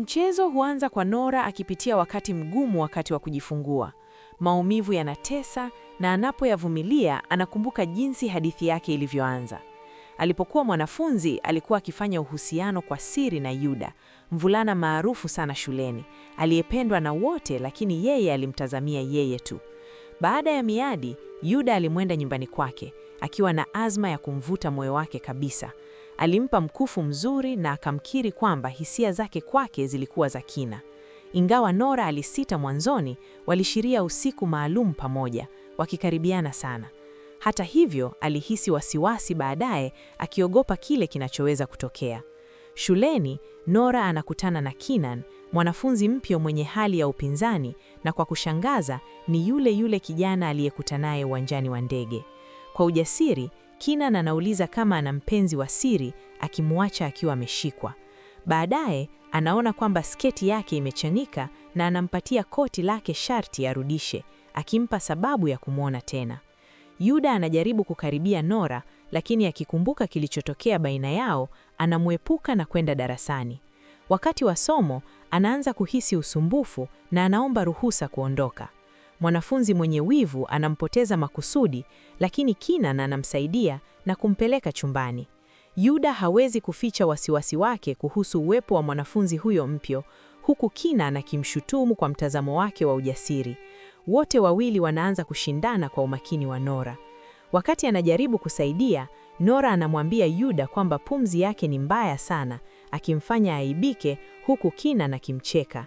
Mchezo huanza kwa Nora akipitia wakati mgumu wakati wa kujifungua. Maumivu yanatesa na anapoyavumilia anakumbuka jinsi hadithi yake ilivyoanza. Alipokuwa mwanafunzi, alikuwa akifanya uhusiano kwa siri na Yuda, mvulana maarufu sana shuleni, aliyependwa na wote lakini yeye alimtazamia yeye tu. Baada ya miadi, Yuda alimwenda nyumbani kwake, akiwa na azma ya kumvuta moyo wake kabisa. Alimpa mkufu mzuri na akamkiri kwamba hisia zake kwake zilikuwa za kina. Ingawa Nora alisita mwanzoni, walishiria usiku maalum pamoja, wakikaribiana sana. Hata hivyo, alihisi wasiwasi baadaye, akiogopa kile kinachoweza kutokea. Shuleni, Nora anakutana na Kinan, mwanafunzi mpya mwenye hali ya upinzani, na kwa kushangaza ni yule yule kijana aliyekutanaye uwanjani wa ndege. Kwa ujasiri, Kinan anauliza kama ana mpenzi wa siri, akimwacha akiwa ameshikwa. Baadaye anaona kwamba sketi yake imechanika na anampatia koti lake sharti arudishe, akimpa sababu ya kumwona tena. Yuda anajaribu kukaribia Nora, lakini akikumbuka kilichotokea baina yao, anamwepuka na kwenda darasani. Wakati wa somo, anaanza kuhisi usumbufu na anaomba ruhusa kuondoka. Mwanafunzi mwenye wivu anampoteza makusudi, lakini kinan anamsaidia na kumpeleka chumbani. Yuda hawezi kuficha wasiwasi wake kuhusu uwepo wa mwanafunzi huyo mpyo, huku kinan akimshutumu kwa mtazamo wake wa ujasiri. Wote wawili wanaanza kushindana kwa umakini wa Nora. Wakati anajaribu kusaidia, Nora anamwambia Yuda kwamba pumzi yake ni mbaya sana, akimfanya aibike huku kinan akimcheka.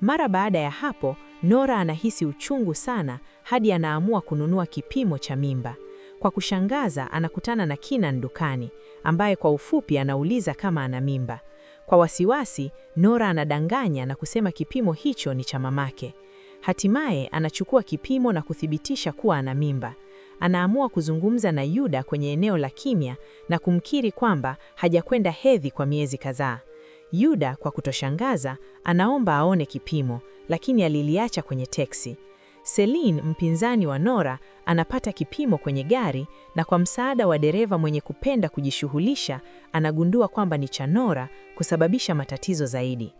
Mara baada ya hapo, Nora anahisi uchungu sana hadi anaamua kununua kipimo cha mimba. Kwa kushangaza, anakutana na Kinan dukani, ambaye kwa ufupi anauliza kama ana mimba. Kwa wasiwasi, Nora anadanganya na kusema kipimo hicho ni cha mamake. Hatimaye anachukua kipimo na kuthibitisha kuwa ana mimba. Anaamua kuzungumza na Yuda kwenye eneo la kimya na kumkiri kwamba hajakwenda hedhi kwa miezi kadhaa. Yuda kwa kutoshangaza, anaomba aone kipimo lakini aliliacha kwenye teksi. Celine, mpinzani wa Nora, anapata kipimo kwenye gari na kwa msaada wa dereva mwenye kupenda kujishughulisha, anagundua kwamba ni cha Nora kusababisha matatizo zaidi.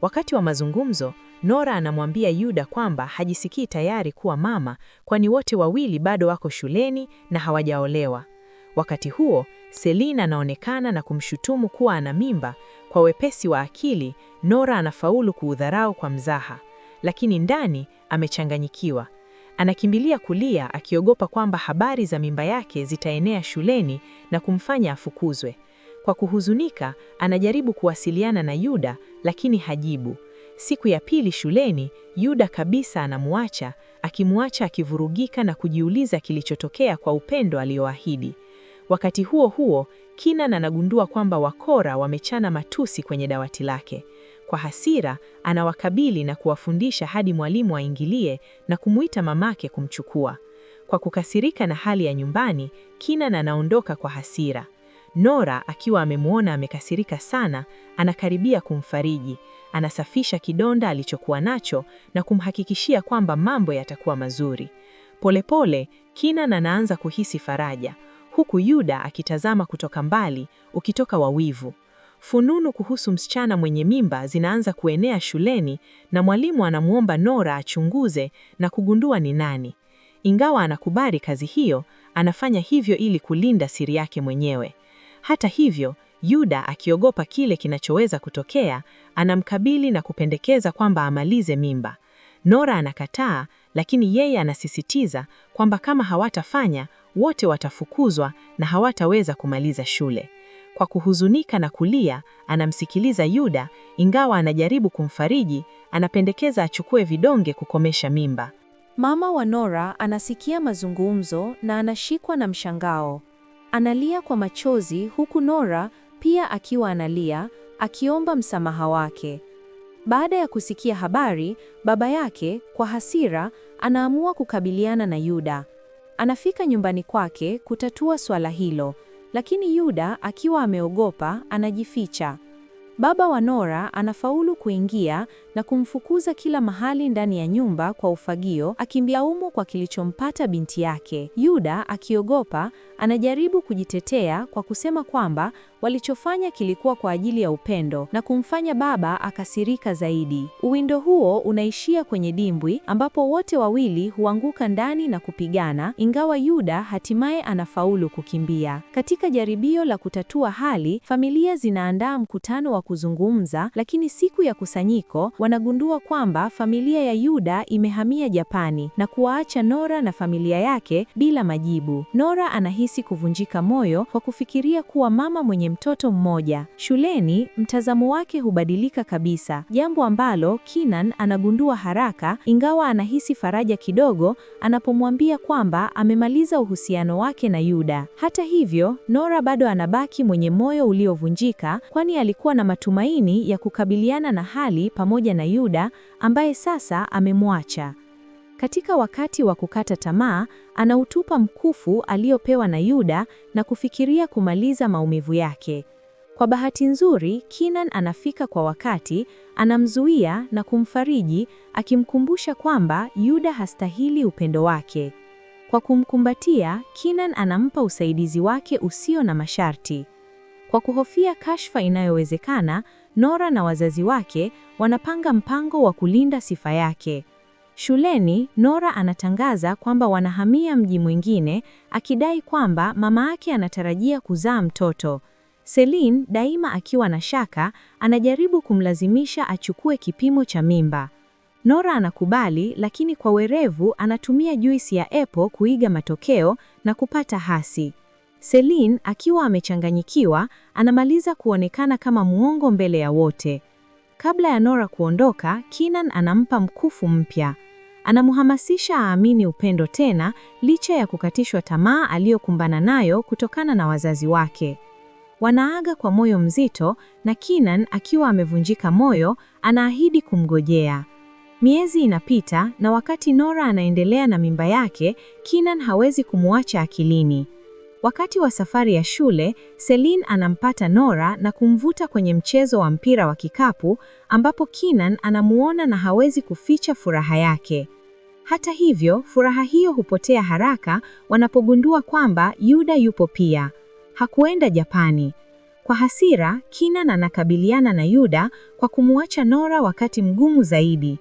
Wakati wa mazungumzo, Nora anamwambia Yuda kwamba hajisikii tayari kuwa mama, kwani wote wawili bado wako shuleni na hawajaolewa. Wakati huo, Celine anaonekana na kumshutumu kuwa ana mimba. Kwa wepesi wa akili, Nora anafaulu kuudharau kwa mzaha lakini ndani amechanganyikiwa. Anakimbilia kulia akiogopa kwamba habari za mimba yake zitaenea shuleni na kumfanya afukuzwe. Kwa kuhuzunika, anajaribu kuwasiliana na Yuda lakini hajibu. Siku ya pili shuleni, Yuda kabisa anamuacha, akimwacha akivurugika na kujiuliza kilichotokea kwa upendo alioahidi. Wakati huo huo, Kinan anagundua kwamba wakora wamechana matusi kwenye dawati lake. Kwa hasira anawakabili na kuwafundisha hadi mwalimu aingilie na kumuita mamake kumchukua. Kwa kukasirika na hali ya nyumbani, Kinan anaondoka kwa hasira. Nora akiwa amemwona amekasirika sana, anakaribia kumfariji, anasafisha kidonda alichokuwa nacho na kumhakikishia kwamba mambo yatakuwa mazuri. Polepole Kinan anaanza kuhisi faraja, huku Yuda akitazama kutoka mbali, ukitoka wa wivu. Fununu kuhusu msichana mwenye mimba zinaanza kuenea shuleni na mwalimu anamwomba Nora achunguze na kugundua ni nani. Ingawa anakubali kazi hiyo, anafanya hivyo ili kulinda siri yake mwenyewe. Hata hivyo, Yuda akiogopa kile kinachoweza kutokea, anamkabili na kupendekeza kwamba amalize mimba. Nora anakataa, lakini yeye anasisitiza kwamba kama hawatafanya, wote watafukuzwa na hawataweza kumaliza shule. Kwa kuhuzunika na kulia, anamsikiliza Yuda, ingawa anajaribu kumfariji, anapendekeza achukue vidonge kukomesha mimba. Mama wa Nora anasikia mazungumzo na anashikwa na mshangao. Analia kwa machozi huku Nora pia akiwa analia, akiomba msamaha wake. Baada ya kusikia habari, baba yake kwa hasira anaamua kukabiliana na Yuda. Anafika nyumbani kwake kutatua swala hilo lakini Yuda akiwa ameogopa anajificha. Baba wa Nora anafaulu kuingia na kumfukuza kila mahali ndani ya nyumba kwa ufagio, akimlaumu kwa kilichompata binti yake. Yuda akiogopa anajaribu kujitetea kwa kusema kwamba Walichofanya kilikuwa kwa ajili ya upendo na kumfanya baba akasirika zaidi. Uwindo huo unaishia kwenye dimbwi ambapo wote wawili huanguka ndani na kupigana, ingawa Yuda hatimaye anafaulu kukimbia. Katika jaribio la kutatua hali, familia zinaandaa mkutano wa kuzungumza, lakini siku ya kusanyiko wanagundua kwamba familia ya Yuda imehamia Japani na kuwaacha Nora na familia yake bila majibu. Nora anahisi kuvunjika moyo kwa kufikiria kuwa mama mwenye mtoto mmoja. Shuleni, mtazamo wake hubadilika kabisa, jambo ambalo Kinan anagundua haraka, ingawa anahisi faraja kidogo anapomwambia kwamba amemaliza uhusiano wake na Yuda. Hata hivyo, Nora bado anabaki mwenye moyo uliovunjika, kwani alikuwa na matumaini ya kukabiliana na hali pamoja na Yuda ambaye sasa amemwacha. Katika wakati wa kukata tamaa, anautupa mkufu aliopewa na Yuda na kufikiria kumaliza maumivu yake. Kwa bahati nzuri, Kinan anafika kwa wakati, anamzuia na kumfariji akimkumbusha kwamba Yuda hastahili upendo wake. Kwa kumkumbatia, Kinan anampa usaidizi wake usio na masharti. Kwa kuhofia kashfa inayowezekana, Nora na wazazi wake wanapanga mpango wa kulinda sifa yake. Shuleni, Nora anatangaza kwamba wanahamia mji mwingine, akidai kwamba mama yake anatarajia kuzaa mtoto. Celine, daima akiwa na shaka, anajaribu kumlazimisha achukue kipimo cha mimba. Nora anakubali, lakini kwa werevu anatumia juisi ya epo kuiga matokeo na kupata hasi. Celine, akiwa amechanganyikiwa, anamaliza kuonekana kama mwongo mbele ya wote. Kabla ya Nora kuondoka, Kinan anampa mkufu mpya. Anamhamasisha aamini upendo tena licha ya kukatishwa tamaa aliyokumbana nayo kutokana na wazazi wake. Wanaaga kwa moyo mzito na Kinan akiwa amevunjika moyo, anaahidi kumgojea. Miezi inapita na wakati Nora anaendelea na mimba yake, Kinan hawezi kumwacha akilini. Wakati wa safari ya shule, Celine anampata Nora na kumvuta kwenye mchezo wa mpira wa kikapu ambapo Kinan anamuona na hawezi kuficha furaha yake. Hata hivyo, furaha hiyo hupotea haraka wanapogundua kwamba Yuda yupo pia. Hakuenda Japani. Kwa hasira, Kinan anakabiliana na Yuda kwa kumwacha Nora wakati mgumu zaidi.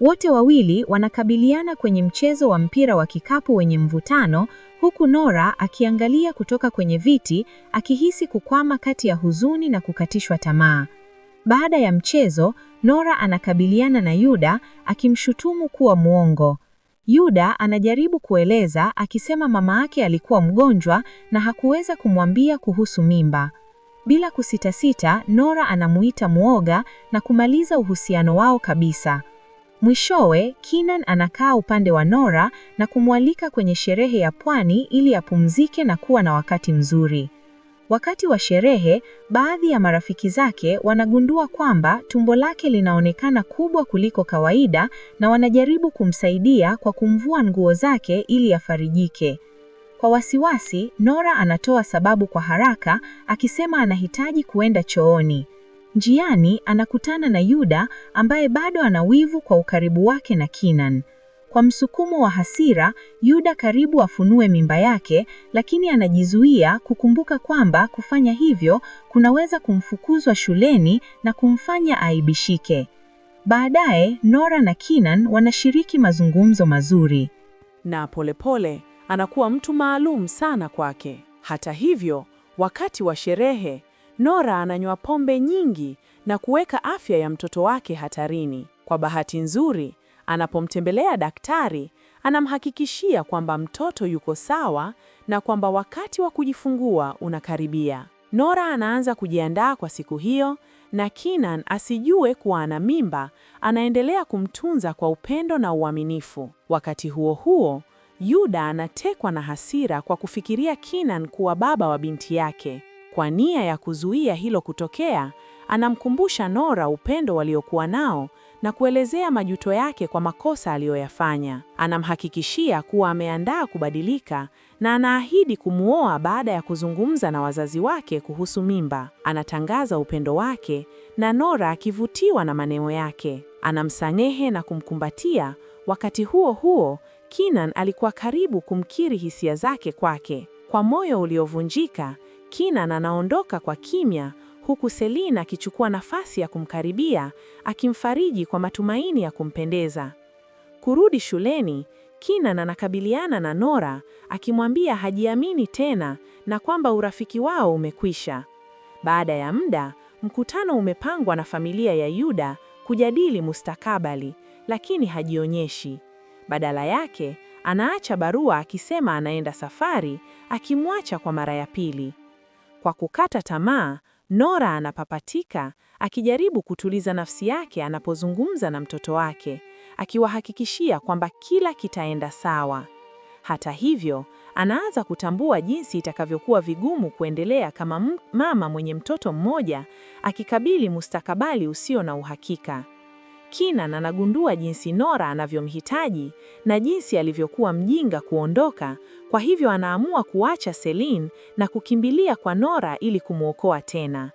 Wote wawili wanakabiliana kwenye mchezo wa mpira wa kikapu wenye mvutano, huku Nora akiangalia kutoka kwenye viti, akihisi kukwama kati ya huzuni na kukatishwa tamaa. Baada ya mchezo, Nora anakabiliana na Yuda akimshutumu kuwa mwongo. Yuda anajaribu kueleza akisema mama yake alikuwa mgonjwa na hakuweza kumwambia kuhusu mimba. Bila kusitasita, Nora anamuita mwoga na kumaliza uhusiano wao kabisa. Mwishowe, Kinan anakaa upande wa Nora na kumwalika kwenye sherehe ya pwani ili apumzike na kuwa na wakati mzuri. Wakati wa sherehe, baadhi ya marafiki zake wanagundua kwamba tumbo lake linaonekana kubwa kuliko kawaida na wanajaribu kumsaidia kwa kumvua nguo zake ili afarijike. Kwa wasiwasi, Nora anatoa sababu kwa haraka akisema anahitaji kuenda chooni. Njiani anakutana na Yuda ambaye bado ana wivu kwa ukaribu wake na Kinan. Kwa msukumo wa hasira, Yuda karibu afunue mimba yake, lakini anajizuia kukumbuka kwamba kufanya hivyo kunaweza kumfukuzwa shuleni na kumfanya aibishike. Baadaye, Nora na Kinan wanashiriki mazungumzo mazuri. Na polepole pole, anakuwa mtu maalum sana kwake. Hata hivyo, wakati wa sherehe, Nora ananywa pombe nyingi na kuweka afya ya mtoto wake hatarini. Kwa bahati nzuri, anapomtembelea daktari, anamhakikishia kwamba mtoto yuko sawa na kwamba wakati wa kujifungua unakaribia. Nora anaanza kujiandaa kwa siku hiyo na Kinan asijue kuwa ana mimba, anaendelea kumtunza kwa upendo na uaminifu. Wakati huo huo, Yuda anatekwa na hasira kwa kufikiria Kinan kuwa baba wa binti yake. Kwa nia ya kuzuia hilo kutokea, anamkumbusha Nora upendo waliokuwa nao na kuelezea majuto yake kwa makosa aliyoyafanya. Anamhakikishia kuwa ameandaa kubadilika na anaahidi kumwoa baada ya kuzungumza na wazazi wake kuhusu mimba. Anatangaza upendo wake na Nora akivutiwa na maneno yake. Anamsamehe na kumkumbatia. Wakati huo huo, Kinan alikuwa karibu kumkiri hisia zake kwake. Kwa moyo uliovunjika, Kinan anaondoka kwa kimya, huku Selina akichukua nafasi ya kumkaribia, akimfariji kwa matumaini ya kumpendeza. Kurudi shuleni, Kinan anakabiliana na Nora akimwambia hajiamini tena na kwamba urafiki wao umekwisha. Baada ya muda, mkutano umepangwa na familia ya Yuda kujadili mustakabali, lakini hajionyeshi. Badala yake, anaacha barua akisema anaenda safari, akimwacha kwa mara ya pili. Kwa kukata tamaa, Nora anapapatika akijaribu kutuliza nafsi yake anapozungumza na mtoto wake, akiwahakikishia kwamba kila kitaenda sawa. Hata hivyo, anaanza kutambua jinsi itakavyokuwa vigumu kuendelea kama mama mwenye mtoto mmoja akikabili mustakabali usio na uhakika. Kinan anagundua jinsi Nora anavyomhitaji na jinsi alivyokuwa mjinga kuondoka kwa hivyo anaamua kuacha Celine na kukimbilia kwa Nora ili kumwokoa tena.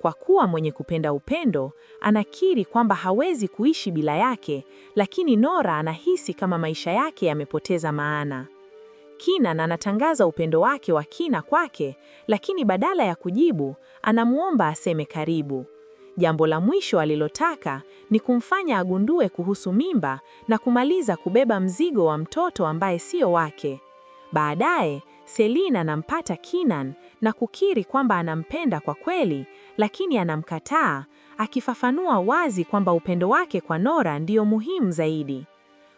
Kwa kuwa mwenye kupenda upendo, anakiri kwamba hawezi kuishi bila yake, lakini Nora anahisi kama maisha yake yamepoteza maana. Kinan anatangaza upendo wake wa kina kwake, lakini badala ya kujibu, anamwomba aseme karibu. Jambo la mwisho alilotaka ni kumfanya agundue kuhusu mimba na kumaliza kubeba mzigo wa mtoto ambaye sio wake. Baadaye Selina anampata Kinan na kukiri kwamba anampenda kwa kweli, lakini anamkataa akifafanua wazi kwamba upendo wake kwa Nora ndiyo muhimu zaidi.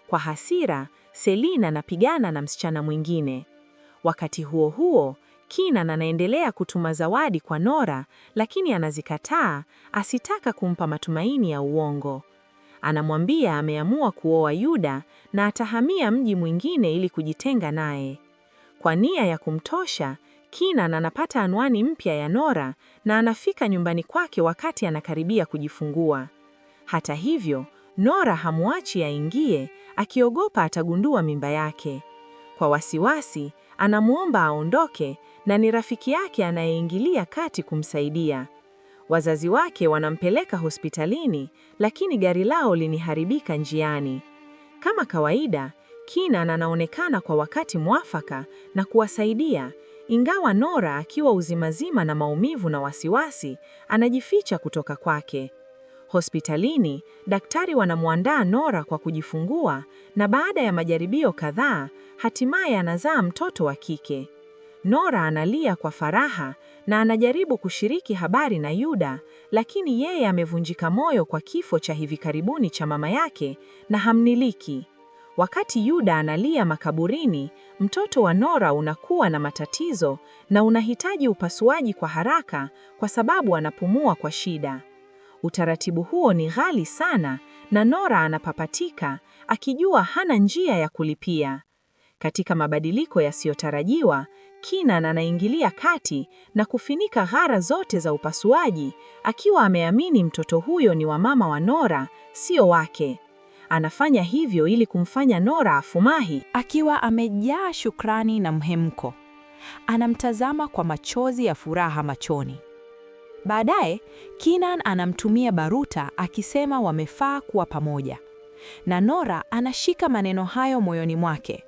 Kwa hasira, Selina anapigana na msichana mwingine. Wakati huo huo, Kinan anaendelea kutuma zawadi kwa Nora, lakini anazikataa, asitaka kumpa matumaini ya uongo. Anamwambia ameamua kuoa Yuda na atahamia mji mwingine ili kujitenga naye. Kwa nia ya kumtosha, Kinan anapata anwani mpya ya Nora na anafika nyumbani kwake wakati anakaribia kujifungua. Hata hivyo, Nora hamwachi aingie, akiogopa atagundua mimba yake. Kwa wasiwasi, anamwomba aondoke na ni rafiki yake anayeingilia kati kumsaidia. Wazazi wake wanampeleka hospitalini, lakini gari lao liniharibika njiani. Kama kawaida, Keenan anaonekana kwa wakati mwafaka na kuwasaidia, ingawa Nora akiwa uzimazima na maumivu na wasiwasi, anajificha kutoka kwake. Hospitalini, daktari wanamwandaa Nora kwa kujifungua na baada ya majaribio kadhaa, hatimaye anazaa mtoto wa kike. Nora analia kwa faraha na anajaribu kushiriki habari na Yuda, lakini yeye amevunjika moyo kwa kifo cha hivi karibuni cha mama yake na hamniliki. Wakati Yuda analia makaburini, mtoto wa Nora unakuwa na matatizo na unahitaji upasuaji kwa haraka kwa sababu anapumua kwa shida. Utaratibu huo ni ghali sana na Nora anapapatika akijua hana njia ya kulipia. Katika mabadiliko yasiyotarajiwa, na anaingilia kati na kufinika ghara zote za upasuaji, akiwa ameamini mtoto huyo ni wa mama wa Nora, sio wake. Anafanya hivyo ili kumfanya Nora afumahi, akiwa amejaa shukrani na mhemko. Anamtazama kwa machozi ya furaha machoni. Baadaye kinan anamtumia baruta akisema wamefaa kuwa pamoja, na Nora anashika maneno hayo moyoni mwake,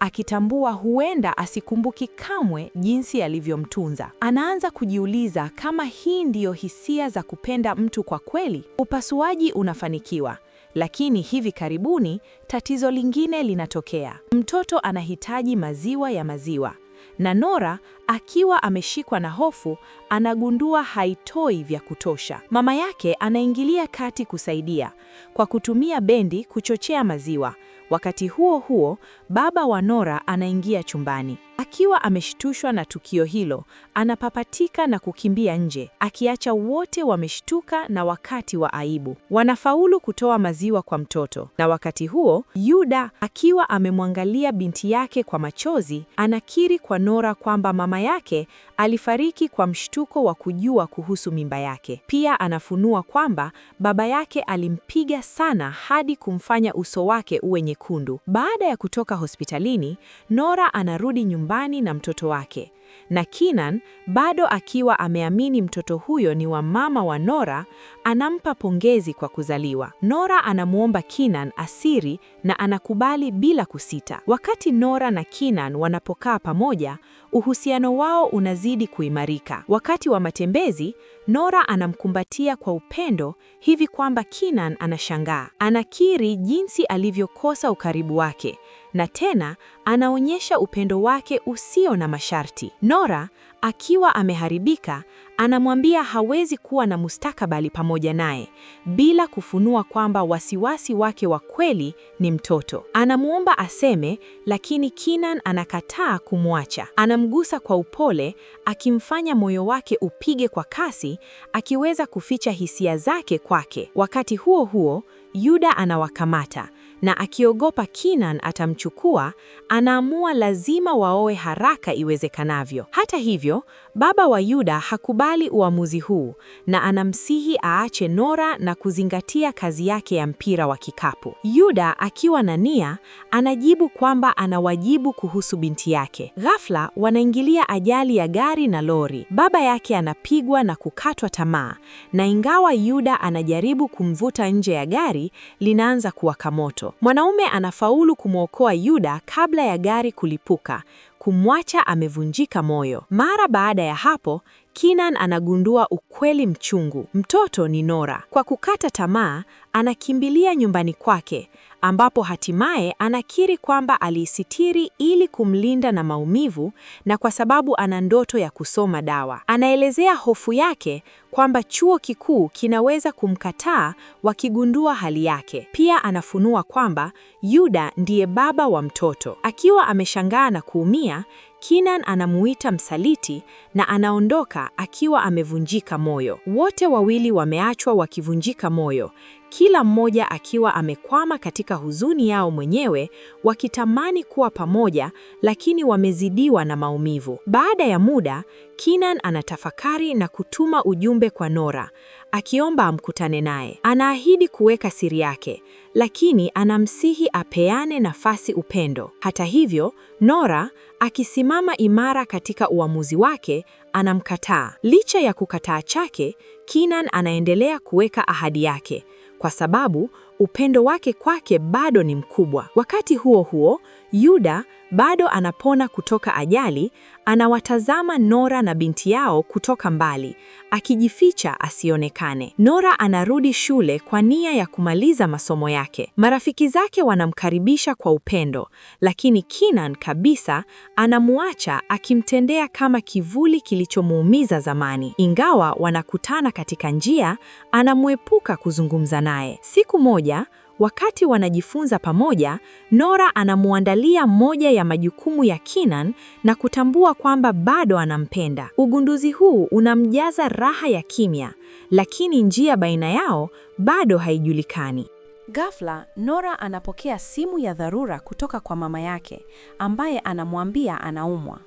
akitambua huenda asikumbuki kamwe jinsi alivyomtunza. Anaanza kujiuliza kama hii ndiyo hisia za kupenda mtu kwa kweli. Upasuaji unafanikiwa, lakini hivi karibuni tatizo lingine linatokea. Mtoto anahitaji maziwa ya maziwa na Nora akiwa ameshikwa na hofu anagundua haitoi vya kutosha. Mama yake anaingilia kati kusaidia kwa kutumia bendi kuchochea maziwa, Wakati huo huo, baba wa Nora anaingia chumbani. Akiwa ameshtushwa na tukio hilo, anapapatika na kukimbia nje, akiacha wote wameshtuka na wakati wa aibu. Wanafaulu kutoa maziwa kwa mtoto, na wakati huo Yuda akiwa amemwangalia binti yake kwa machozi, anakiri kwa Nora kwamba mama yake alifariki kwa mshtuko wa kujua kuhusu mimba yake. Pia anafunua kwamba baba yake alimpiga sana hadi kumfanya uso wake uwe nyekundu. Baada ya kutoka hospitalini, Nora anarudi nyumbani nyumbani na mtoto wake, na Kinan bado akiwa ameamini mtoto huyo ni wa mama wa Nora, anampa pongezi kwa kuzaliwa. Nora anamwomba Kinan asiri na anakubali bila kusita. Wakati Nora na Kinan wanapokaa pamoja, uhusiano wao unazidi kuimarika. Wakati wa matembezi, Nora anamkumbatia kwa upendo hivi kwamba Kinan anashangaa. Anakiri jinsi alivyokosa ukaribu wake na tena anaonyesha upendo wake usio na masharti. Nora akiwa ameharibika, anamwambia hawezi kuwa na mustakabali pamoja naye bila kufunua kwamba wasiwasi wake wa kweli ni mtoto. Anamwomba aseme, lakini Kinan anakataa kumwacha. Anamgusa kwa upole, akimfanya moyo wake upige kwa kasi, akiweza kuficha hisia zake kwake. Wakati huo huo, Yuda anawakamata na akiogopa Kinan atamchukua, anaamua lazima waoe haraka iwezekanavyo. Hata hivyo, baba wa Yuda hakubali uamuzi huu na anamsihi aache Nora na kuzingatia kazi yake ya mpira wa kikapu. Yuda akiwa na nia, anajibu kwamba anawajibu kuhusu binti yake. Ghafla wanaingilia ajali ya gari na lori. Baba yake anapigwa na kukatwa tamaa, na ingawa Yuda anajaribu kumvuta nje ya gari, linaanza kuwaka moto mwanaume anafaulu kumwokoa Yuda kabla ya gari kulipuka, kumwacha amevunjika moyo. Mara baada ya hapo, Kinan anagundua ukweli mchungu: mtoto ni Nora. Kwa kukata tamaa, anakimbilia nyumbani kwake, ambapo hatimaye anakiri kwamba aliisitiri ili kumlinda na maumivu, na kwa sababu ana ndoto ya kusoma dawa. Anaelezea hofu yake kwamba chuo kikuu kinaweza kumkataa wakigundua hali yake. Pia anafunua kwamba Yuda ndiye baba wa mtoto. Akiwa ameshangaa na kuumia, Kinan anamuita msaliti na anaondoka akiwa amevunjika moyo. Wote wawili wameachwa wakivunjika moyo, kila mmoja akiwa amekwama katika huzuni yao mwenyewe, wakitamani kuwa pamoja, lakini wamezidiwa na maumivu. Baada ya muda, Kinan anatafakari na kutuma ujumbe kwa Nora akiomba amkutane naye. Anaahidi kuweka siri yake, lakini anamsihi apeane nafasi upendo. Hata hivyo, Nora akisimama imara katika uamuzi wake, anamkataa. Licha ya kukataa chake, Kinan anaendelea kuweka ahadi yake. Kwa sababu upendo wake kwake bado ni mkubwa. Wakati huo huo, Yuda bado anapona kutoka ajali, anawatazama Nora na binti yao kutoka mbali, akijificha asionekane. Nora anarudi shule kwa nia ya kumaliza masomo yake. Marafiki zake wanamkaribisha kwa upendo, lakini Kinan kabisa anamuacha akimtendea kama kivuli kilichomuumiza zamani. Ingawa wanakutana katika njia, anamwepuka kuzungumza naye. Siku moja moja, wakati wanajifunza pamoja, Nora anamwandalia moja ya majukumu ya Kinan na kutambua kwamba bado anampenda. Ugunduzi huu unamjaza raha ya kimya, lakini njia baina yao bado haijulikani. Ghafla, Nora anapokea simu ya dharura kutoka kwa mama yake ambaye anamwambia anaumwa.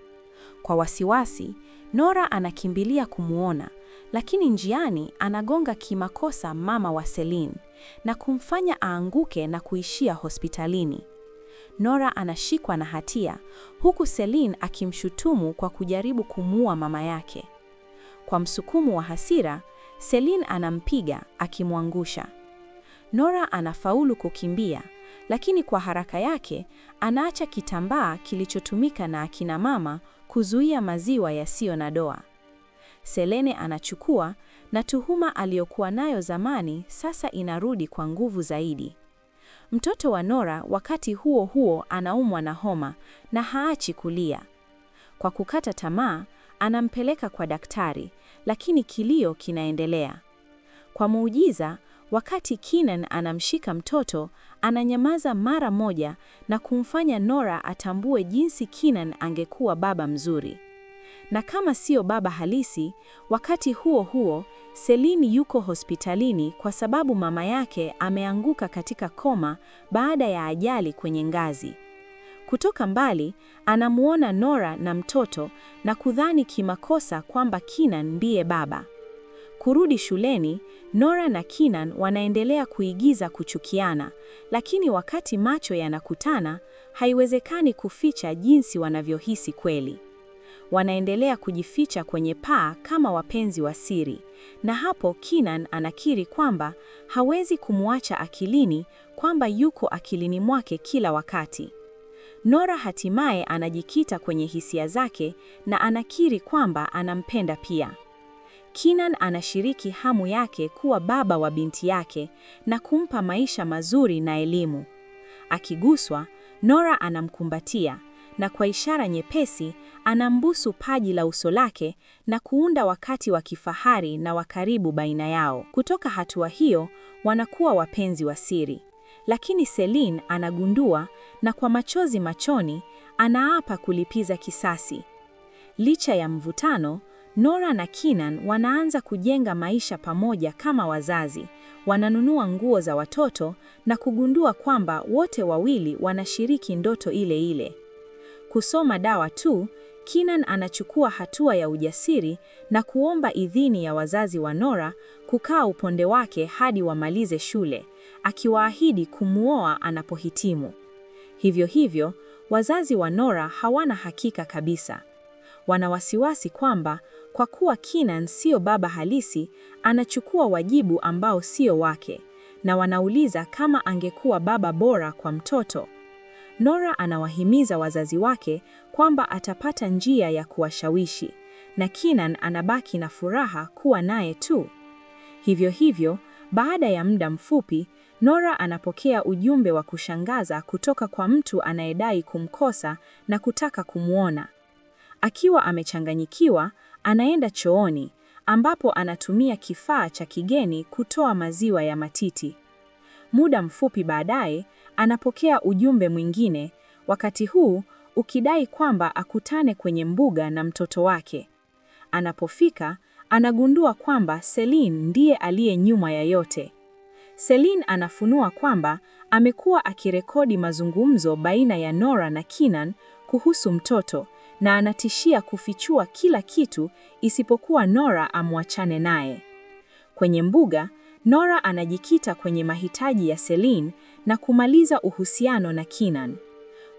Kwa wasiwasi, Nora anakimbilia kumuona, lakini njiani anagonga kimakosa mama wa Celine na kumfanya aanguke na kuishia hospitalini. Nora anashikwa na hatia huku Celine akimshutumu kwa kujaribu kumuua mama yake. Kwa msukumo wa hasira, Celine anampiga akimwangusha. Nora anafaulu kukimbia, lakini kwa haraka yake anaacha kitambaa kilichotumika na akina mama kuzuia maziwa yasiyo na doa. Selene anachukua na tuhuma aliyokuwa nayo zamani sasa inarudi kwa nguvu zaidi. Mtoto wa Nora wakati huo huo anaumwa na homa na haachi kulia. Kwa kukata tamaa, anampeleka kwa daktari, lakini kilio kinaendelea. Kwa muujiza, wakati kinan anamshika mtoto, ananyamaza mara moja na kumfanya Nora atambue jinsi kinan angekuwa baba mzuri. Na kama sio baba halisi, wakati huo huo Celine yuko hospitalini kwa sababu mama yake ameanguka katika koma baada ya ajali kwenye ngazi. Kutoka mbali anamuona Nora na mtoto na kudhani kimakosa kwamba Kinan ndiye baba. Kurudi shuleni, Nora na Kinan wanaendelea kuigiza kuchukiana, lakini wakati macho yanakutana, haiwezekani kuficha jinsi wanavyohisi kweli wanaendelea kujificha kwenye paa kama wapenzi wa siri, na hapo kinan anakiri kwamba hawezi kumwacha akilini, kwamba yuko akilini mwake kila wakati. Nora hatimaye anajikita kwenye hisia zake na anakiri kwamba anampenda pia. kinan anashiriki hamu yake kuwa baba wa binti yake na kumpa maisha mazuri na elimu. Akiguswa, Nora anamkumbatia na kwa ishara nyepesi anambusu paji la uso lake na kuunda wakati wa kifahari na wa karibu baina yao. Kutoka hatua hiyo wanakuwa wapenzi wa siri, lakini Celine anagundua na kwa machozi machoni anaapa kulipiza kisasi. Licha ya mvutano, Nora na Kinan wanaanza kujenga maisha pamoja kama wazazi. Wananunua nguo za watoto na kugundua kwamba wote wawili wanashiriki ndoto ile ile kusoma dawa tu, Kinan anachukua hatua ya ujasiri na kuomba idhini ya wazazi wa Nora kukaa uponde wake hadi wamalize shule, akiwaahidi kumuoa anapohitimu. Hivyo hivyo, wazazi wa Nora hawana hakika kabisa. Wana wasiwasi kwamba kwa kuwa Kinan sio baba halisi, anachukua wajibu ambao sio wake, na wanauliza kama angekuwa baba bora kwa mtoto. Nora anawahimiza wazazi wake kwamba atapata njia ya kuwashawishi na Kinan anabaki na furaha kuwa naye tu. Hivyo hivyo, baada ya muda mfupi, Nora anapokea ujumbe wa kushangaza kutoka kwa mtu anayedai kumkosa na kutaka kumwona. Akiwa amechanganyikiwa, anaenda chooni ambapo anatumia kifaa cha kigeni kutoa maziwa ya matiti. Muda mfupi baadaye, anapokea ujumbe mwingine, wakati huu ukidai kwamba akutane kwenye mbuga na mtoto wake. Anapofika, anagundua kwamba Celine ndiye aliye nyuma ya yote. Celine anafunua kwamba amekuwa akirekodi mazungumzo baina ya Nora na Kinan kuhusu mtoto na anatishia kufichua kila kitu isipokuwa Nora amwachane naye. Kwenye mbuga, Nora anajikita kwenye mahitaji ya Celine na kumaliza uhusiano na Kinan.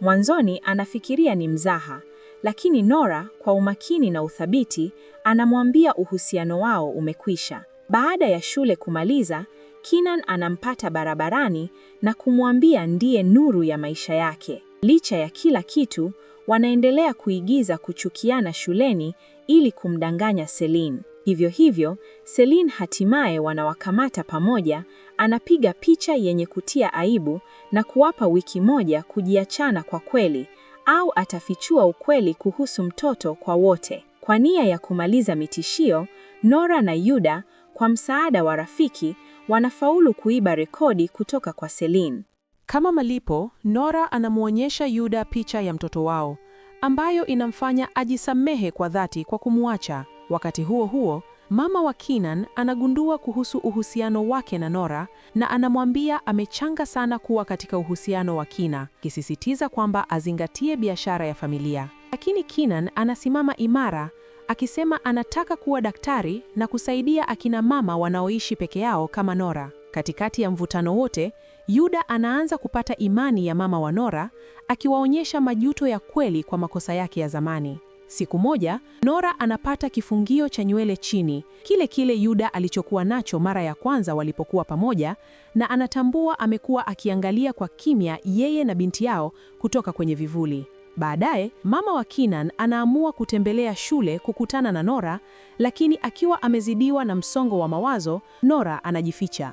Mwanzoni anafikiria ni mzaha, lakini Nora kwa umakini na uthabiti anamwambia uhusiano wao umekwisha. Baada ya shule kumaliza, Kinan anampata barabarani na kumwambia ndiye nuru ya maisha yake. Licha ya kila kitu, wanaendelea kuigiza kuchukiana shuleni ili kumdanganya Celine. Hivyo hivyo, Celine hatimaye wanawakamata pamoja, anapiga picha yenye kutia aibu na kuwapa wiki moja kujiachana kwa kweli au atafichua ukweli kuhusu mtoto kwa wote. Kwa nia ya kumaliza mitishio, Nora na Yuda kwa msaada wa rafiki wanafaulu kuiba rekodi kutoka kwa Celine. Kama malipo, Nora anamwonyesha Yuda picha ya mtoto wao ambayo inamfanya ajisamehe kwa dhati kwa kumwacha. Wakati huo huo, mama wa Kinan anagundua kuhusu uhusiano wake na Nora na anamwambia amechanga sana kuwa katika uhusiano wa kina, akisisitiza kwamba azingatie biashara ya familia. Lakini Kinan anasimama imara akisema anataka kuwa daktari na kusaidia akina mama wanaoishi peke yao kama Nora. Katikati ya mvutano wote, Yuda anaanza kupata imani ya mama wa Nora, akiwaonyesha majuto ya kweli kwa makosa yake ya zamani. Siku moja, Nora anapata kifungio cha nywele chini, kile kile Yuda alichokuwa nacho mara ya kwanza walipokuwa pamoja, na anatambua amekuwa akiangalia kwa kimya yeye na binti yao kutoka kwenye vivuli. Baadaye, mama wa Kinan anaamua kutembelea shule kukutana na Nora, lakini akiwa amezidiwa na msongo wa mawazo, Nora anajificha.